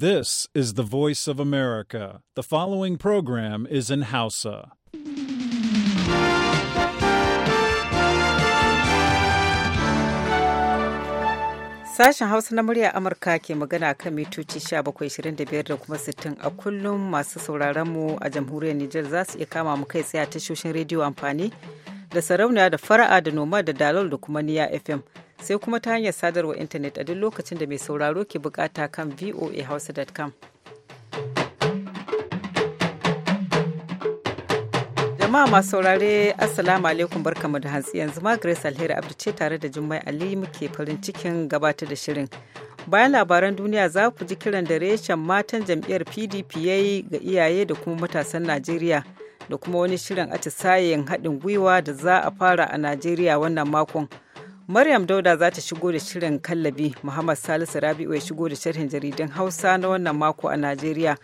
This is the voice of America. The following program is in Hausa. Sashen Hausa na murya Amurka ke magana kan mitoci 1725 da kuma 60 a kullum masu sauraron mu a jamhuriyar Nijar za su iya kama mu kai tsaye a tashoshin rediyo amfani da sarauniya da fara'a da noma da dalol da kuma niya FM. sai kuma ta hanyar sadarwa intanet a duk lokacin da mai sauraro ke bukata kan voahouse.com. jama'a masu saurare assalamu alaikum barkamu da hantsi yanzu ma grace alheri abdu ce tare da jummai ali muke farin cikin gabatar da shirin bayan labaran duniya za ku ji kiran da reshen matan jam'iyyar pdp ya yi ga iyaye da kuma matasan najeriya da kuma wani shirin atisayen haɗin gwiwa da za a fara a najeriya wannan makon Maryam Dauda za ta shigo da shirin kallabi Muhammad Salisu Rabi'u ya shigo da sharhin jaridan Hausa na wannan mako a Najeriya.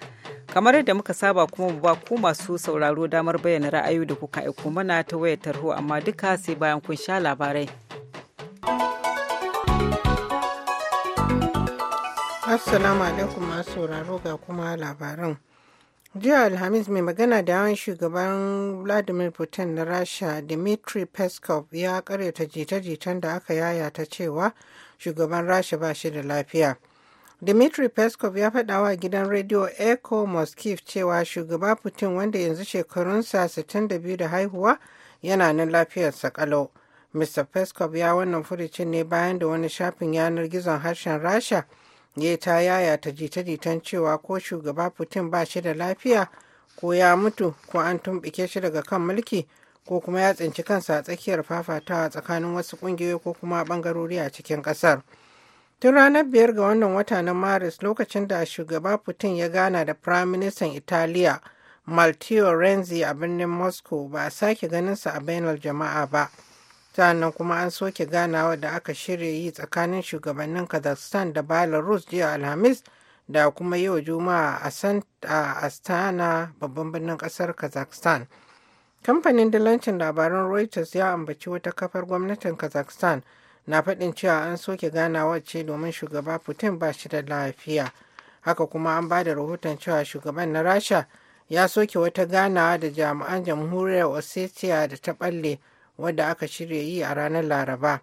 Kamar yadda muka saba kuma ba ku masu sauraro damar bayyana ra'ayoyi da kuka aiko mana ta wayar tarho amma duka sai bayan kun sha labarai. Assalamu alaikum masu sauraro ga kuma labaran. jiya alhamis mai magana da yawan shugaban vladimir putin na rasha dmitry peskov ya karyata jita-jitan da aka yaya ta cewa shugaban rasha ba shi da lafiya Dmitry Peskov ya faɗa wa gidan rediyo Echo moskif cewa shugaba Putin wanda yanzu shekarunsa 62 da haihuwa yana nan lafiyar kalau. Mr. Peskov ya wannan furicin ne bayan da wani shafin yanar gizon harshen Rasha ya ta yaya ta jita-jitan cewa ko shugaba putin ba shi da lafiya ko ya mutu ko an tumbike shi daga kan mulki ko kuma ya tsinci kansa a tsakiyar fafatawa tsakanin wasu ƙungiyoyi ko kuma ɓangarori a cikin ƙasar tun ranar biyar ga wannan wata na maris lokacin da shugaba putin ya gana da firaministan italiya malteo renzi a birnin moscow ba a sake ganinsa a bainar jama'a ba sannan kuma an soke ganawa da aka shirya yi tsakanin shugabannin kazakhstan da belarus jiya alhamis da kuma yau juma'a a astana babban birnin kasar kazakhstan kamfanin dalancin labaran reuters ya ambaci wata kafar gwamnatin kazakhstan na faɗin cewa an soke ganawa ce domin shugaba putin ba shi da lafiya haka kuma an ba da rahoton cewa shugaban na rasha ya soke wata ganawa da jami'an jamhuriyar ossetia da ta ɓalle wadda aka shirya yi a ranar laraba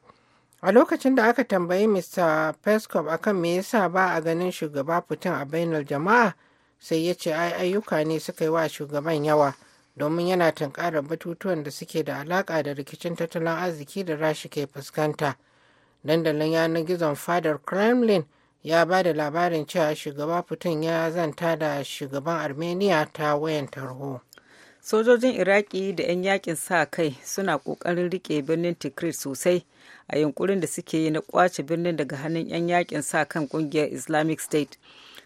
a lokacin da aka tambayi mr peskov akan me yasa ba a ganin shugaba fitin a bainar jama'a sai ya ce ai ayyuka ne suka yi wa shugaban yawa domin yana tunkarar batutuwan da suke da alaka da rikicin tattalin arziki da rashi ke fuskanta dandalin yanar gizon fadar kremlin ya ba da labarin cewa shugaba putin ya zanta da shugaban armenia ta wayan tarho sojojin iraki da 'yan yakin sa kai suna kokarin rike birnin tikrit sosai a yunkurin da suke yi na kwace birnin daga hannun 'yan yakin sa kan kungiyar islamic state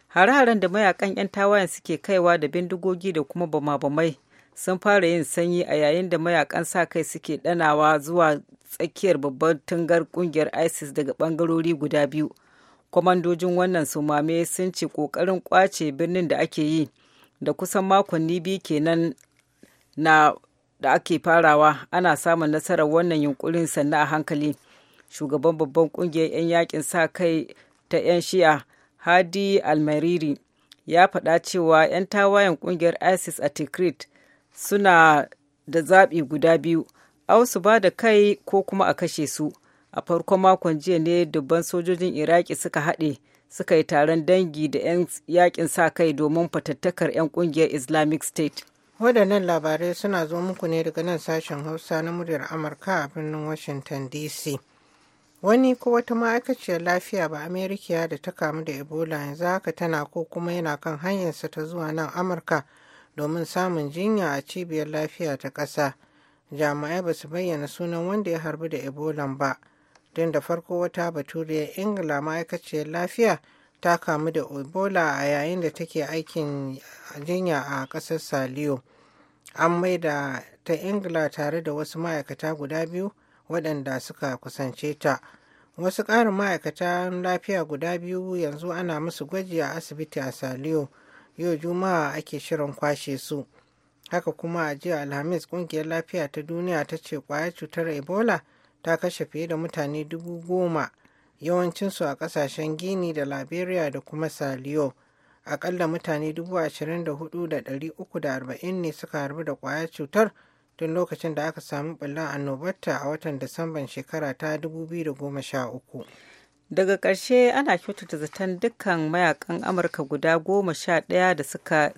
hare-haren da mayakan 'yan tawayen suke kaiwa da bindigogi da kuma bama-bamai sun fara yin sanyi a yayin da mayakan sa kai suke danawa zuwa tsakiyar babban tungar kungiyar isis daga bangarori guda biyu kwamandojin wannan sumame sun ce kokarin kwace birnin da ake yi da kusan makonni biyu kenan na da ake farawa ana samun nasarar wannan yunkurin sannan a hankali shugaban babban kungiyar 'yan yakin sa kai ta 'yan shi'a hadi almariri ya faɗa cewa 'yan tawayen kungiyar isis a tikrit suna da zaɓi guda biyu au su ba da kai ko kuma a kashe su a farkon makon jiya ne dubban sojojin iraki suka haɗe suka yi taron dangi da 'yan yakin sa kai domin fatattakar 'yan kungiyar islamic state Waɗannan labarai suna zo muku ne daga nan sashen Hausa na muryar Amurka a birnin Washington DC. Wani ko wata ma'aikaciyar lafiya ba Amerikiya da ta kamu da Ebola yanzu haka tana ko kuma yana kan hanyarsa ta zuwa nan Amurka domin samun jinya a cibiyar lafiya ta ƙasa. Jami'ai ba su bayyana sunan wanda ya harbu da Ebola ba. Don da farko wata baturiyar Ingila ma'aikaciyar lafiya ta kamu da Ebola a yayin da take aikin jinya a ƙasar Saliyo. an mai da ta ingila tare da wasu ma'aikata guda biyu waɗanda suka kusance ta wasu ƙarin ma'aikatan lafiya guda biyu yanzu ana musu gwaji a asibiti a saliyo yau juma'a ake shirin kwashe su haka kuma a jiya alhamis ƙungiyar lafiya ta duniya ta ce ƙwayar cutar ebola ta kashe fiye da mutane dubu goma yawancinsu a ƙasashen gini da liberia da kuma saliyo akalla mutane 24,340 ne suka harbu da kwayar cutar tun lokacin da aka samu ɓullar annobarta a watan Disamban shekara ta 2013. Daga ƙarshe ana kyautata zaton dukkan mayakan Amurka guda goma sha ɗaya da suke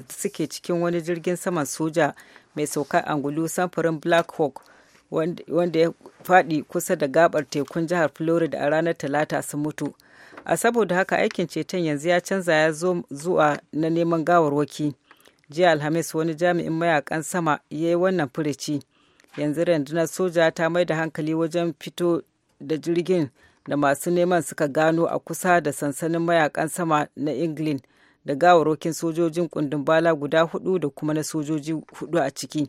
cikin wani jirgin saman soja mai saukar angulu samfurin Black Hawk wanda ya faɗi kusa da gabar tekun jihar Florida a ranar Talata sun mutu. a saboda haka aikin ceton yanzu ya canza ya zo zuwa na neman gawarwaki jiya alhamis wani jami'in mayakan sama ya yi wannan firici yanzu rundunar soja ta mai da hankali wajen fito da jirgin da masu neman suka gano a kusa da sansanin mayakan sama na england da gawarwakin sojojin kundin bala guda hudu da kuma na sojoji hudu a ciki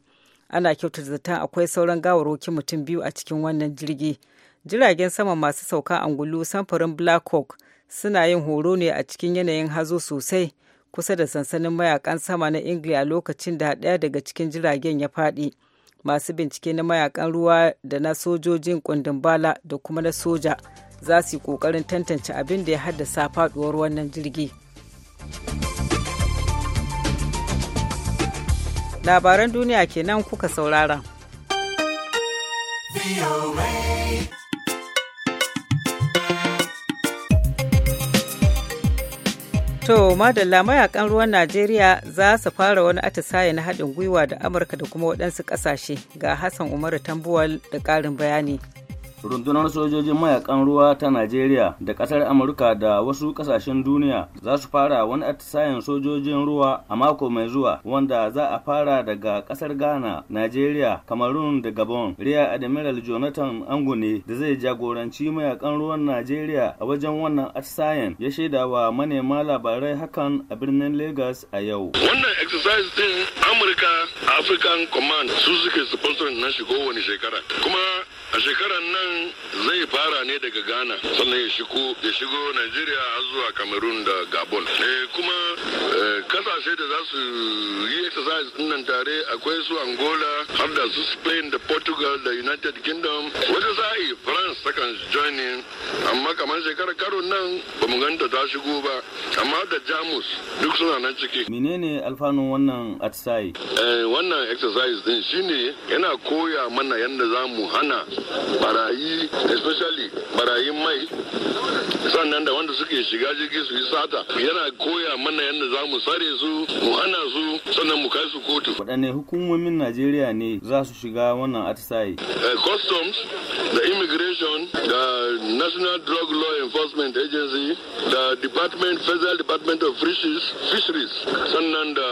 ana kyautata zaton akwai sauran gawarwakin mutum biyu a cikin wannan jirgi jiragen sama masu sauka angulu samfurin black hawk suna yin horo ne a cikin yanayin hazo sosai kusa da sansanin mayakan sama na ingila lokacin da ɗaya daga cikin jiragen ya faɗi masu bincike na mayakan ruwa da na sojojin kundin bala da kuma na soja za su yi ƙoƙarin tantance abin da ya haddasa faɗuwar wannan jirgi labaran duniya kenan kuka saurara. To, madalla mayakan ruwan Najeriya za su fara wani atisaye na haɗin gwiwa da Amurka da kuma waɗansu ƙasashe ga Hassan Umaru Tambuwal da ƙarin bayani. rundunar sojojin mayakan ruwa ta Najeriya da kasar Amurka da wasu kasashen duniya za su fara wani atisayen sojojin ruwa a mako mai zuwa wanda za a fara daga kasar Ghana, Najeriya, Cameroon da Gabon. Rear Admiral Jonathan Angune da zai jagoranci mayakan ruwan Najeriya a wajen wannan atisayen ya shaida wa manema labarai hakan a birnin Legas a yau. Wannan exercise din Amurka African Command su suke sponsorin na shigo wani shekara. a shekarar nan zai fara ne daga ghana sannan ya shigo ya shigo nigeria har zuwa cameroon da gabon eh, kuma eh, kasashe da za su yi exercise nan tare akwai su angola har da su spain da portugal da united kingdom a sa'i france second joining amma kamar shekarar karo nan ba mu ganta ta shigo ba amma da jamus duk suna nan ciki menene alfanun wannan atisaye eh, wannan exercise din shine yana koya mana yadda za mu hana Paraí, especially Paraí, mai sannan da wanda suke shiga jirgin su yi sata yana koya mana yadda za mu sare su mu hana su sannan mu kai su kotu waɗanne hukumomin najeriya ne za su shiga wannan atisaye eh, customs da immigration da national drug law enforcement agency da department federal department of fisheries, fisheries sannan da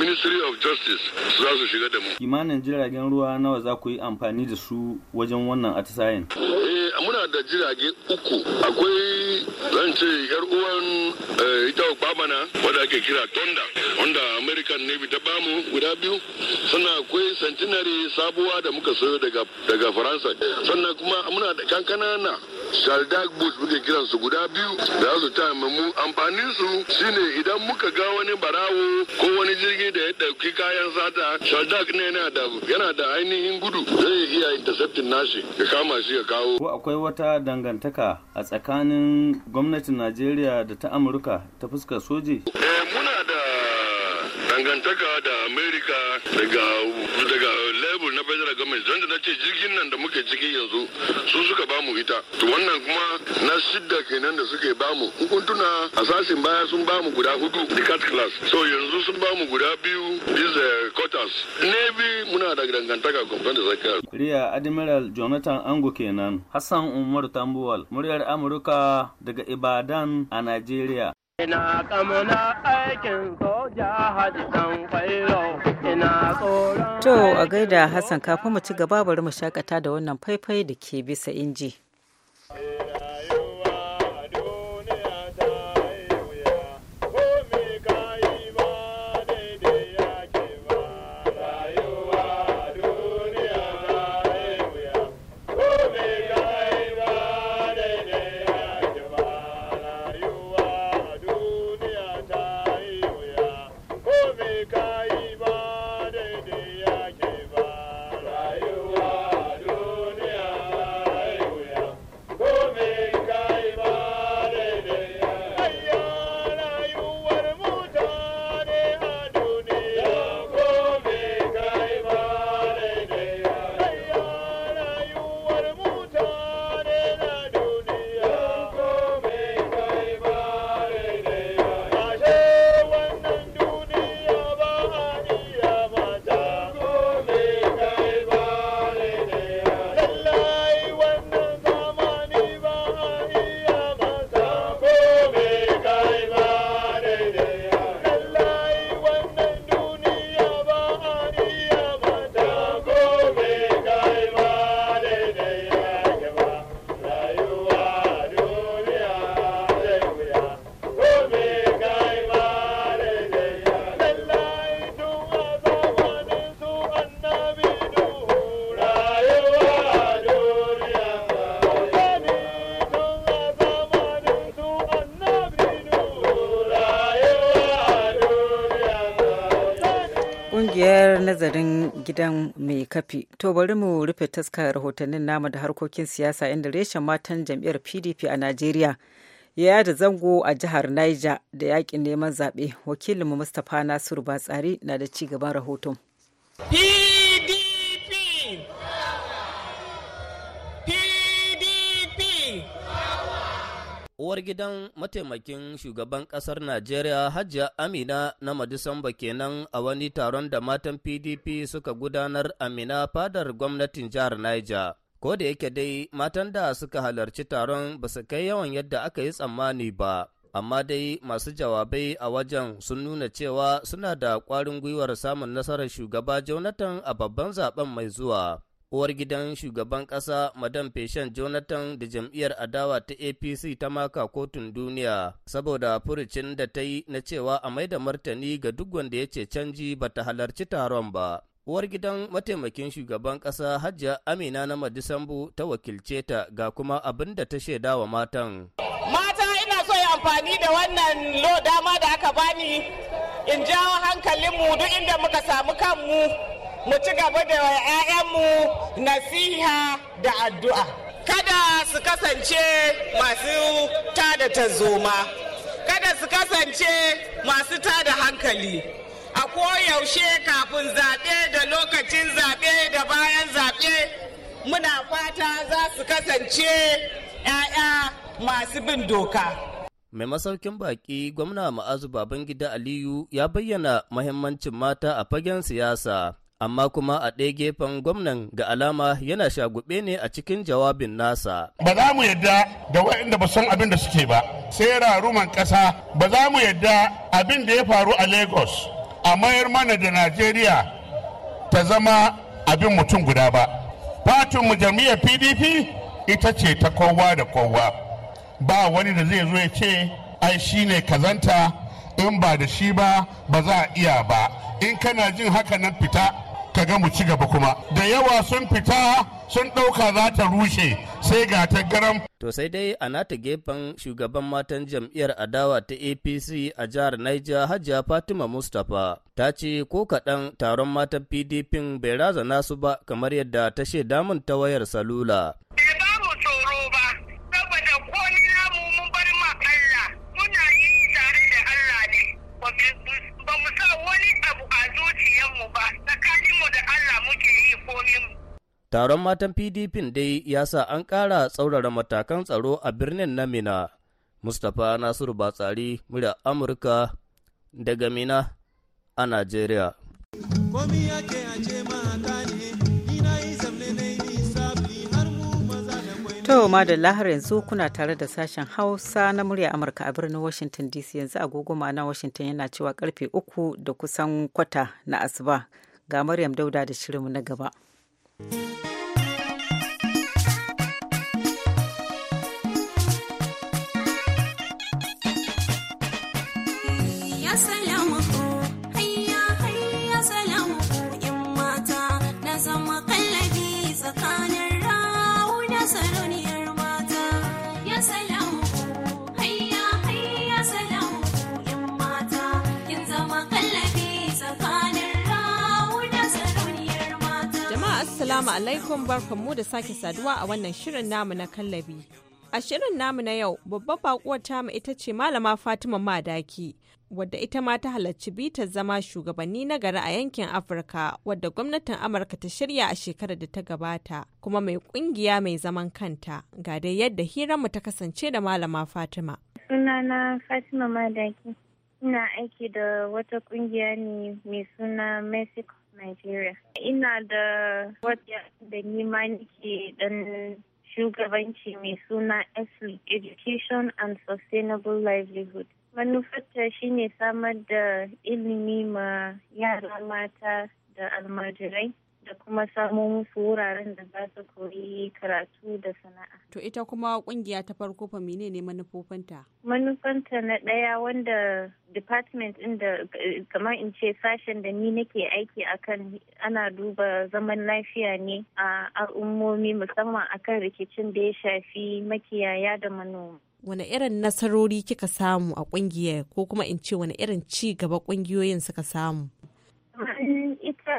ministry of justice za su shiga da mu kimanin jiragen ruwa nawa za ku yi amfani da su wajen wannan atisayen eh muna da jirage uku akwai zan ce yar uwan eh, ita obama na wadda ake kira tonda wanda american navy ta bamu guda biyu sannan akwai centenary sabuwa da muka sayo daga faransa sannan kuma muna da kankana na shaldag bush muke kiran su guda biyu da su ta mu amfanin su shine idan muka ga wani barawo ko wani jirgi da ya dauki kayan sata shaldag ne yana da yana da ainihin gudu zai iya intercepting nashi ya kama shi ya kawo ko akwai wata dangantaka a tsakanin gwamnatin Najeriya da ta Amurka ta fuskar soji eh muna da dangantaka da Amerika daga daga da muke ciki yanzu su suka bamu ita to wannan kuma na shidda kenan da suke bamu in kun tuna a sashen baya sun bamu guda hudu the cat class so yanzu sun bamu guda biyu is uh, quarters navy muna da dangantaka kwamfan da zakar riya admiral jonathan ango kenan hassan umar tambuwal muryar amurka daga ibadan a nigeria Ina kamuna aikin soja haji dan ina To a gaida Hassan kafin mu ci gaba bari mu shakata da wannan faifai da ke bisa inji. gidan mai kafi. To bari mu rufe taskar rahotannin namu da harkokin siyasa inda reshen matan jam'iyyar PDP a Najeriya ya yada zango a jihar Niger da yakin neman zaɓe. Wakilinmu Mustapha Nasiru Batsari na da ci gaban rahoton. Uwar gidan mataimakin shugaban ƙasar Najeriya Hajiya Amina na Madisamba kenan a wani taron da matan PDP suka gudanar Amina fadar gwamnatin jihar Niger. Ko da yake dai matan da suka halarci taron ba su kai yawan yadda aka yi tsammani ba, amma dai masu jawabai a wajen sun nuna cewa suna da kwarin gwiwar samun nasarar shugaba Jonathan a babban zaben mai zuwa. uwar gidan shugaban ƙasa madam feshen jonathan da jam'iyyar adawa ta apc ta maka kotun duniya saboda furucin da ta yi na cewa a mai da martani ga duk wanda ya ce canji ba ta halarci taron ba uwar gidan mataimakin shugaban ƙasa hajiya amina na madisambu ta wakilce ta ga kuma abin da ta shaida wa matan mata ina so ya amfani da wannan lo dama da aka bani in jawo hankalinmu duk inda muka samu kanmu mu ci gaba da 'ya'yanmu nasiha da addu'a kada su kasance masu tada tarzoma kada su kasance masu tada hankali a koyaushe kafin zaɓe da lokacin zaɓe da bayan zaɓe muna fata za su kasance 'ya'ya masu bin doka mai masaukin Baƙi, gwamna ma'azu babangida aliyu ya bayyana mahimmancin mata a fagen siyasa amma kuma a ɗaya gefen gwamnan ga alama yana shagube ne a cikin jawabin nasa. Ba za mu yadda da waɗanda ba san abin da suke ba, sai raruman ƙasa ba za mu yadda abin da ya faru a Lagos a mayar mana da Najeriya ta zama abin mutum guda ba. Fatin mu jam'iyyar PDP ita ce ta kowa da kowa. Ba wani da zai zo ya ce ai shi ne kazanta in ba da shi ba ba za a iya ba. In kana jin haka nan fita ta ga mu ci gaba kuma da yawa sun fita sun ɗauka za ta rushe sai ga ta garam. To sai dai a nata gefen shugaban matan jam'iyyar adawa ta APC a jihar Niger Hajiya Fatima Mustapha ta ce ko kaɗan taron matan PDP bai razana su ba kamar yadda ta shaida mun ta wayar salula. Taron matan PDP dai ya sa an kara tsaurara matakan tsaro a birnin na Mina. Mustapha Nasiru Batsari, murya Amurka daga Mina a Najeriya. ma ina da yanzu kuna tare da sashen Hausa na murya Amurka a birnin Washington DC yanzu agogo ma'ana Washington yana cewa karfe uku da kusan kwata na asuba. Ga Maryam Dauda da shirinmu na gaba. Thank you. Assalamu alaikum mu da sake saduwa a wannan shirin namu na kallabi. A shirin namu na yau babban bakuwar tamu ita ce malama Fatima Madaki wadda ita ma ta halarci bitar zama shugabanni na gari a yankin Afirka wadda gwamnatin Amurka ta shirya a shekarar da ta gabata kuma mai kungiya mai zaman kanta ga dai yadda hiranmu ta kasance da malama Fatima. Sunana Fatima Madaki ina aiki da wata kungiya ne mai suna Mexico Nigeria. Ina da wata da nima ke dan shugabanci mai suna ESLI Education and Sustainable Livelihood. Manufarta shine samar da ilimi ma yara mata da almajirai da kuma samo musu wuraren da za su koyi karatu da sana'a. To ita kuma kungiya ta farko fa ne manufofinta? Manufanta na ɗaya wanda department ɗin da kamar in ce sashen da ni nake aiki akan ana duba zaman lafiya ne a al'ummomi musamman akan rikicin da ya shafi makiyaya da manoma. Wane irin nasarori kika samu a kungiyar ko kuma in ce wane irin ci gaba kungiyoyin suka samu? ita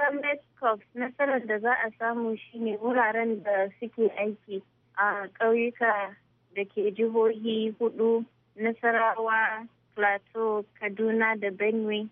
cofs nasarar da za a samu shine wuraren da suke aiki a ƙauyuka da ke jihohi hudu nasarawa plateau kaduna da benue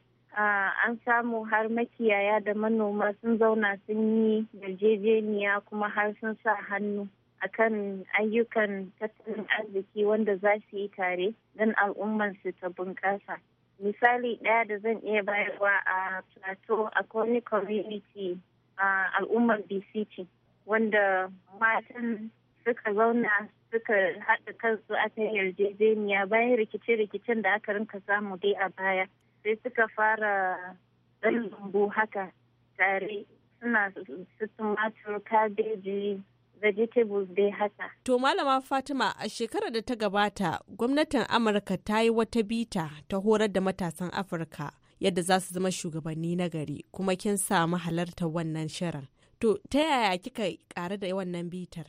an samu har makiyaya da manoma sun zauna sun yi yarjejeniya kuma har sun sa hannu akan ayyukan tattalin arziki wanda za su yi tare don al'ummarsu ta bunƙasa misali ɗaya da zan iya bayarwa a plateau a wani community a al'ummar bct wanda matan suka zauna suka haɗa kansu a kan yarjejeniya bayan rikice-rikicen da aka rinka samu dai a baya sai suka fara ɗan lambu haka tare suna su tumatur kabeji vegetables dai haka. To Malama Fatima a shekarar da ta gabata gwamnatin Amurka ta yi wata bita ta horar da matasan Afirka yadda za su zama shugabanni na gari kuma kin samu halartar wannan shirin. To ta yaya kika ƙara da wannan bitar?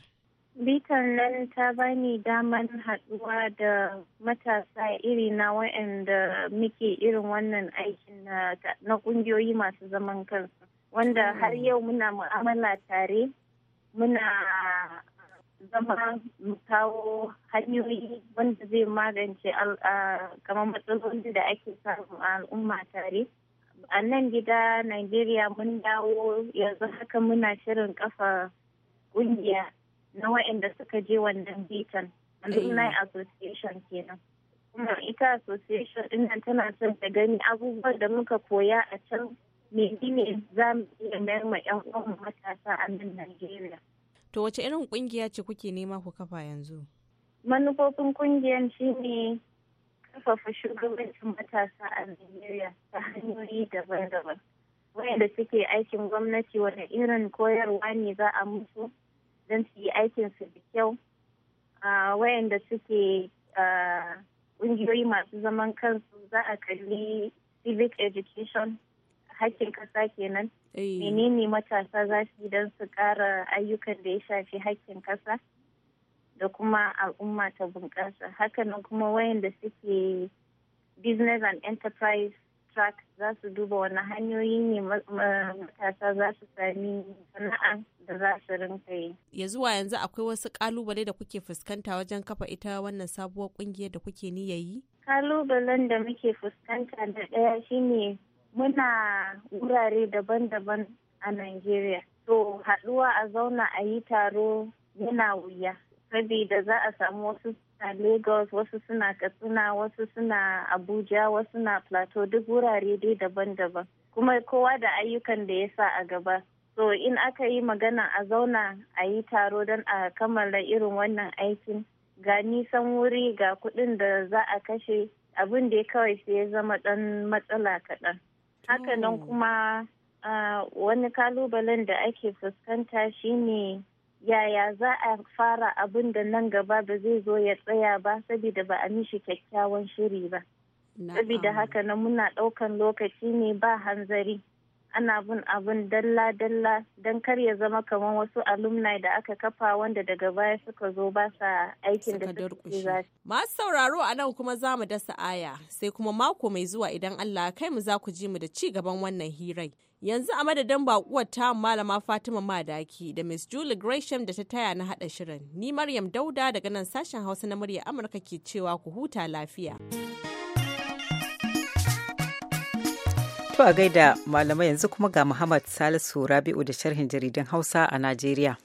Bitar nan ta bani daman haɗuwa da matasa iri na wa'anda muke irin wannan aikin na ƙungiyoyi masu zaman kansu. Wanda har mm. yau muna mu'amala tare muna zama mu kawo hanyoyi wanda zai magance kamar matsaloli da ake samu a al'umma tare a nan gida Najeriya mun dawo yanzu haka muna shirin kafa ƙungiya. na waɗanda suka je wannan bitan alumni eh. association kenan kuma ita association ɗin tana son ta gani abubuwan da muka koya a can menene za mu iya mayar ma 'yan uwan matasa a nan Najeriya. To wace irin kungiya ce kuke nema ku kafa yanzu? Manufofin kungiyar shi ne kafafa shugabancin matasa a Najeriya ta hanyoyi daban-daban. Wayanda suke aikin gwamnati wani irin koyarwa ne za a musu don su yi aikin su da kyau. Wayanda suke kungiyoyi masu zaman kansu za a kalli civic education hakkin kasa kenan menene matasa za su yi don su ƙara ayyukan da ya shafi hakkin kasa da kuma al'umma ta bunƙasa nan kuma wayanda suke business and enterprise track za su duba wani hanyoyi ne matasa za su sami sana'a da za su rinka yi. Ya zuwa yanzu akwai wasu kalubale da kuke fuskanta wajen kafa ita wannan sabuwar kungiyar da kuke ya yi? Kalubalen da muke fuskanta da ɗaya shine muna wurare daban-daban a Najeriya. To haɗuwa a zauna a yi taro yana wuya. Saboda za a samu wasu suna Lagos, wasu suna Katsina, wasu suna Abuja, wasu na Plateau duk wurare dai daban-daban. Kuma kowa da ayyukan da ya sa a gaba. So in aka yi magana a zauna a yi taro don a kammala irin wannan aikin ga nisan wuri ga kuɗin da za a kashe abin da ya kawai sai ya zama ɗan matsala kaɗan. hakanan kuma wani kalubalen da ake fuskanta shine yaya za a fara abin da nan gaba ba zai zo ya tsaya ba saboda ba a mishi kyakkyawan shiri ba saboda haka nan muna ɗaukan lokaci ne ba hanzari ana bin abin dalla-dalla don kar ya zama kamar wasu alumni da aka kafa wanda daga baya suka zo ba sa aikin da suke za Masu sauraro a nan kuma za mu dasa aya sai kuma mako mai zuwa idan Allah kai mu za ku ji mu da ci gaban wannan hirai. Yanzu a madadin bakuwar ta malama Fatima Madaki da Miss Julie Gresham da ta taya na haɗa shirin. Ni Maryam Dauda daga nan sashen Hausa na murya Amurka ke cewa ku huta lafiya. zuwa a gaida malamai yanzu kuma ga Muhammad Salisu Rabi'u da sharhin jaridan Hausa a Najeriya.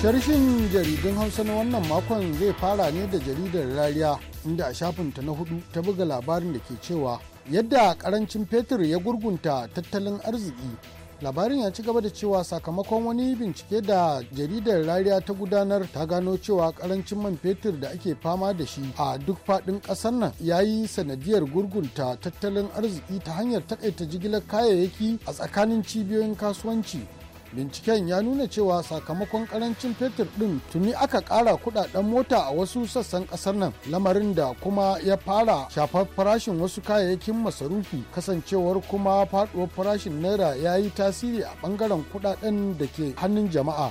Sharshin jaridun Hausa na wannan makon zai fara ne da jaridar Rariya inda a shafinta na hudu ta buga labarin da ke cewa yadda karancin fetur ya gurgunta tattalin arziki labarin ya ci gaba da cewa sakamakon wani bincike da jaridar rariya ta gudanar ta gano cewa karancin man fetur da ake fama da shi a duk faɗin ƙasar nan ya yi sanadiyar gurgunta tattalin arziki ta hanyar takaita jigilar kayayyaki a tsakanin cibiyoyin kasuwanci binciken ya nuna cewa sakamakon karancin fetur ɗin tuni aka ƙara kudaden mota a wasu sassan ƙasar nan lamarin da kuma ya fara shafar farashin wasu kayayyakin masarufi kasancewar kuma faduwar farashin naira ya yi tasiri a ɓangaren kudaden da ke hannun jama'a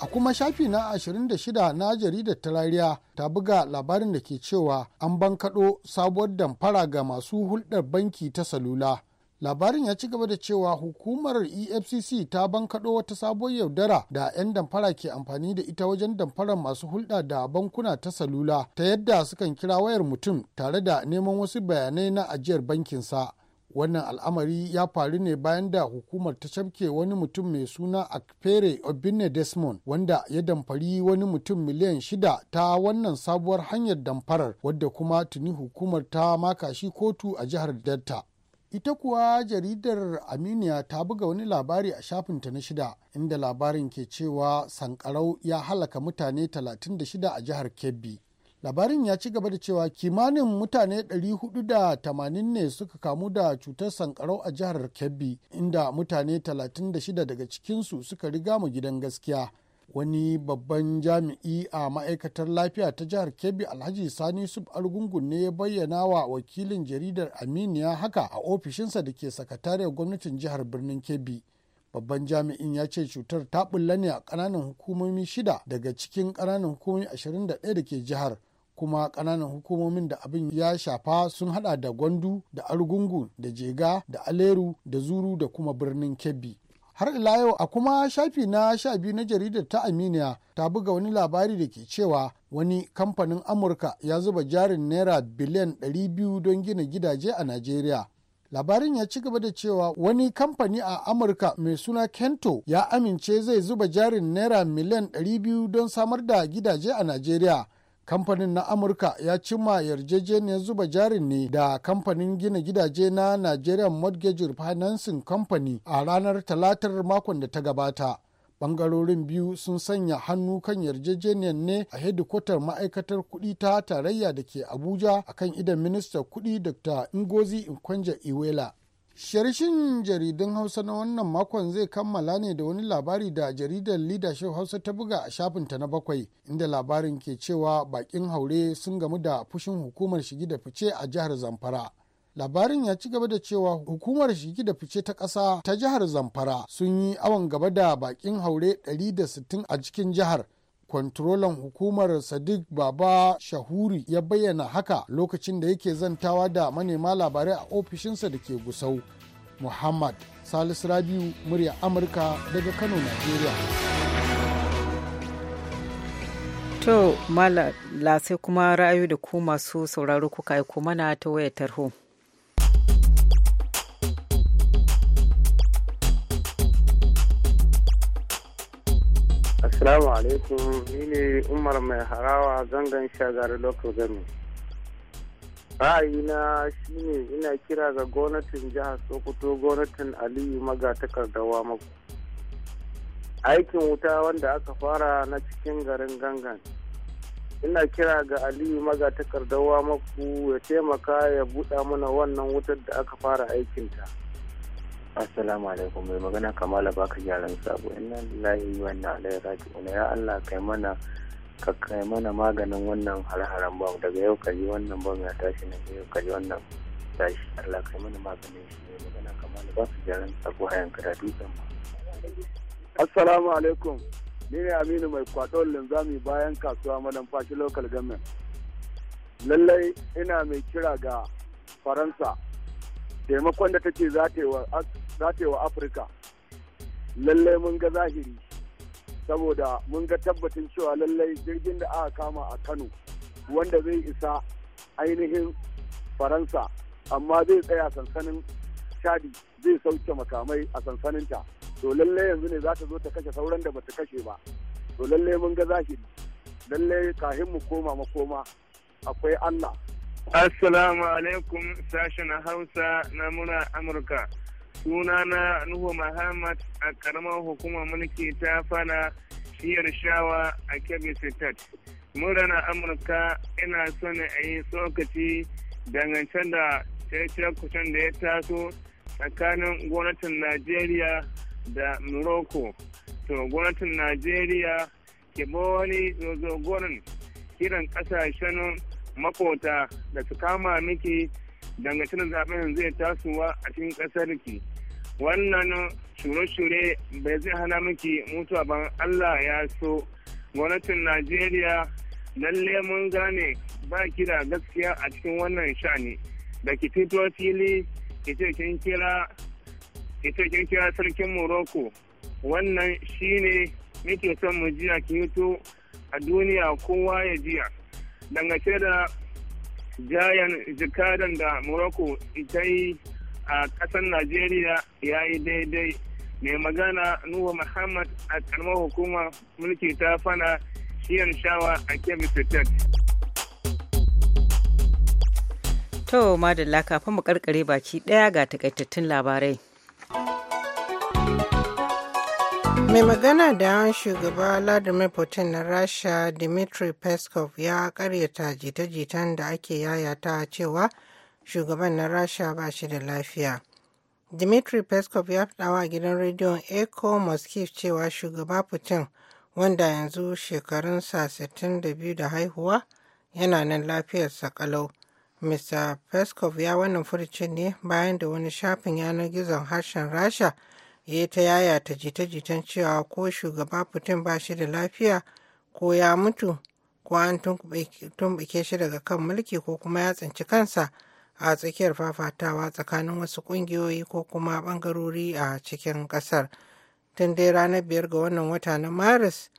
a kuma shafi na 26 na jaridar tarariya ta buga labarin da ke cewa an bankaɗo sabuwar damfara ga masu hulɗar banki ta salula labarin ya ci gaba da cewa hukumar efcc ta bankaɗo wata sabuwar yaudara da 'yan damfara ke amfani da ita wajen damfarar masu hulɗa da bankuna ta salula ta yadda sukan kira wayar mutum tare da neman wasu bayanai na ajiyar bankinsa wannan al'amari ya faru ne bayan da hukumar ta shafke wani mutum mai suna akpere obinne desmond wanda ya damfari wani mutum miliyan shida ta wannan sabuwar hanyar damfarar wadda kuma tuni hukumar ta maka shi kotu a jihar delta Ita kuwa jaridar Aminiya ta buga wani labari a shafinta na shida inda labarin ke cewa sankarau ya halaka mutane 36 a jihar Kebbi. Labarin ya ci gaba da cewa kimanin mutane 480 ne suka kamu da cutar sankarau a jihar Kebbi inda mutane 36 daga cikinsu suka riga mu gidan gaskiya wani babban jami'i a ma'aikatar lafiya ta jihar kebbi alhaji sani sub argungun ne ya bayyana wa wakilin jaridar aminiya haka a ofishinsa da ke sakatariyar gwamnatin jihar birnin kebbi babban jami'in ya ce cutar ta bulla ne a kananan hukumomi shida daga cikin kananan hukumomi 21 da ke jihar kuma ƙananan hukumomin da abin ya shafa sun hada da gwandu da argungu da jega da aleru da zuru da kuma birnin kebbi har ila yau a kuma shafi na sha biyu na jaridar ta aminiya ta buga wani labari da ke cewa wani kamfanin amurka ya zuba jarin naira biliyan 200 don gina gidaje a najeriya labarin ya ci gaba da cewa wani kamfani a amurka mai suna kento ya amince zai zuba jarin naira miliyan 200 don samar da gidaje a najeriya kamfanin na amurka ya cimma yarjejeniyar zuba jarin ne da kamfanin gina gidaje na nigerian mortgage financing company a ranar talatar makon da ta gabata bangarorin biyu sun sanya hannu kan yarjejeniyar ne a hedikwatar ma'aikatar kuɗi ta tarayya da ke abuja akan idan Minista Kudi dr ngozi nkwanja iwela Sharishin jaridun Hausa na wannan makon zai kammala ne da wani labari da jaridar Leadership Hausa ta buga a shafinta na bakwai, inda labarin ke cewa bakin haure sun gamu da fushin hukumar shigi da fice a jihar Zamfara. Labarin ya ci gaba da cewa hukumar shigi da fice ta ƙasa ta jihar Zamfara sun yi awon gaba da bakin haure 160 a cikin jihar kwantrolan hukumar sadiq baba shahuri ya bayyana haka lokacin da yake zantawa da manema labarai a ofishinsa da ke gusau muhammad salisu rabiu murya amurka daga kano nigeria to mala sai kuma ra'ayi da ku masu sauraro kuka yi mana ta wayar tarho Assalamu alaikum ni ne Umar mai harawa zangan shagari local government. Ra'ayina shi ne ina kira ga gwamnatin jihar Sokoto gwamnatin Aliyu magatakardawa maku. Aikin wuta wanda aka fara na cikin garin gangan. Ina kira ga Aliyu magatakardawa maku ya taimaka ya buɗa mana wannan wutar da aka fara aikinta. assalamu alaikum mai magana kamala baka gyaran sabo inna lillahi wa inna ilaihi raji'un ya Allah kai mana ka kai mana maganin wannan har-haren bam daga yau ka ji wannan bam ya tashi na yau ka ji wannan tashi Allah kai mana maganin shi mai magana kamala baka gyaran sabo hayan karatu kan assalamu alaikum ni ne Aminu mai kwadon linzami bayan kasuwa madan fashi local government lallai ina mai kira ga faransa taimakon da take za ta yi wa za ta yi wa afirka lallai mun ga zahiri saboda mun ga tabbatin cewa lallai jirgin da aka kama a kano wanda zai isa ainihin faransa amma zai tsaya sansanin Shadi zai sauke makamai a sansaninta to lallai yanzu ne za ta zo ta kashe sauran da bata kashe ba to lallai mun ga zahiri lallai kahin mu koma makoma akwai allah assalamu alaikum sashen hausa na mura amurka suna na nuhu muhammad a karamar hukumar mulki ta fana shiyar shawa a kebbi sitat murana amurka ina son a yi tsokaci dangance da cece da ya taso tsakanin gwamnatin najeriya da morocco to gwamnatin najeriya ke wani zozogonin kiran kasashen makota da su kama miki da zaɓen zai tasowa a cikin ƙasar ki wannan shure-shure bai zai hana miki mutuwa ban allah ya so gwamnatin najeriya lalle mun gane ba kira gaskiya a cikin wannan sha'ani da ki fito fili ki ce kin kira sarkin morocco wannan shine muke son mu jiya ki a duniya kowa ya jiya dangace da jayan jikadan da morocco ita yi a ƙasar najeriya ya yi daidai mai magana nuwa muhammad a karamar hukuma mulki ta fana shiyan shawa a kebbi state to madalla kafin mu karkare baki daya ga takaitattun labarai mai magana da shugaba vladimir putin na rasha dmitry peskov ya karyata jita-jitan da ake yayata cewa shugaban na rasha ba shi da lafiya dmitry peskov ya faɗawa a gidan rediyon echo moskif cewa shugaba putin wanda yanzu shekarunsa 62 da haihuwa yana nan lafiyarsa kalau mr peskov ya wannan furucin ne bayan da wani shafin yanar gizon harshen rasha ya ta yaya ta jita-jitan cewa ko shugaba putin ba shi da lafiya ko ya mutu ko an tumɓuke shi daga kan mulki ko kuma ya tsinci kansa a tsakiyar fafatawa tsakanin wasu kungiyoyi ko kuma bangarori a cikin kasar tun dai ranar biyar ga wannan wata na maris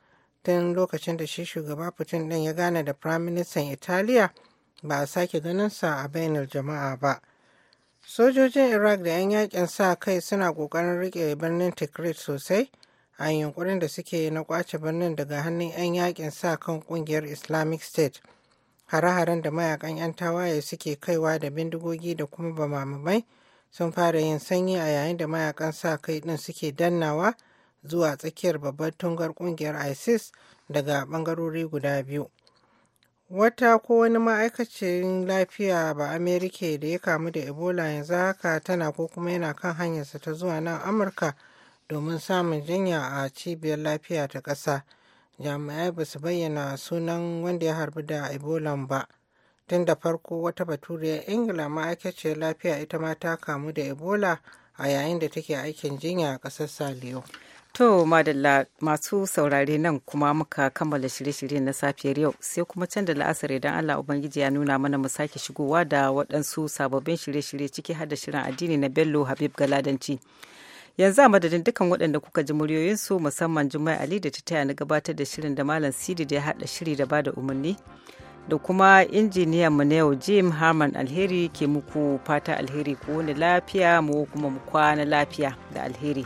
tun lokacin da shi shugaba putin din ya gane da firaministan italiya ba a sake ganinsa a bainar jama'a ba sojojin iraq da 'yan yakin sa kai suna kokarin rike birnin tikrit sosai a yunkurin da suke na kwace birnin daga hannun 'yan yakin sa kan kungiyar islamic state hare-haren da mayakan 'yan tawaye suke kaiwa da bindigogi da kuma bamamamai sun fara yin sanyi a yayin da mayakan sa kai din suke dannawa zuwa tsakiyar babbar tungar kungiyar isis daga bangarori guda biyu wata ko wani ma'aikacin lafiya ba amerika da ya kamu da ebola yanzu haka tana ko kuma yana kan hanyarsa ta zuwa nan amurka domin samun jinya a cibiyar lafiya ta ƙasa. jami'ai ba su bayyana sunan wanda ya harbi da ebola ba tun da farko wata baturiyar ingila ma'aikaciyar lafiya ita ma ta kamu da ebola a yayin da take aikin jinya a ƙasar saliyo to madalla masu saurare nan kuma muka kammala shirye-shirye na safiyar yau sai kuma can da la'asar idan allah ubangiji ya nuna mana mu sake shigowa da waɗansu sababbin shirye-shirye ciki har da shirin addini na bello habib galadanci yanzu a madadin dukkan waɗanda kuka ji muryoyinsu musamman jumai ali da ta taya na gabatar da shirin da malam sidi da ya haɗa shiri da bada umarni da kuma injiniyan mu na yau jim harman alheri ke muku fata alheri ko wani lafiya mu kuma mu kwana lafiya da alheri.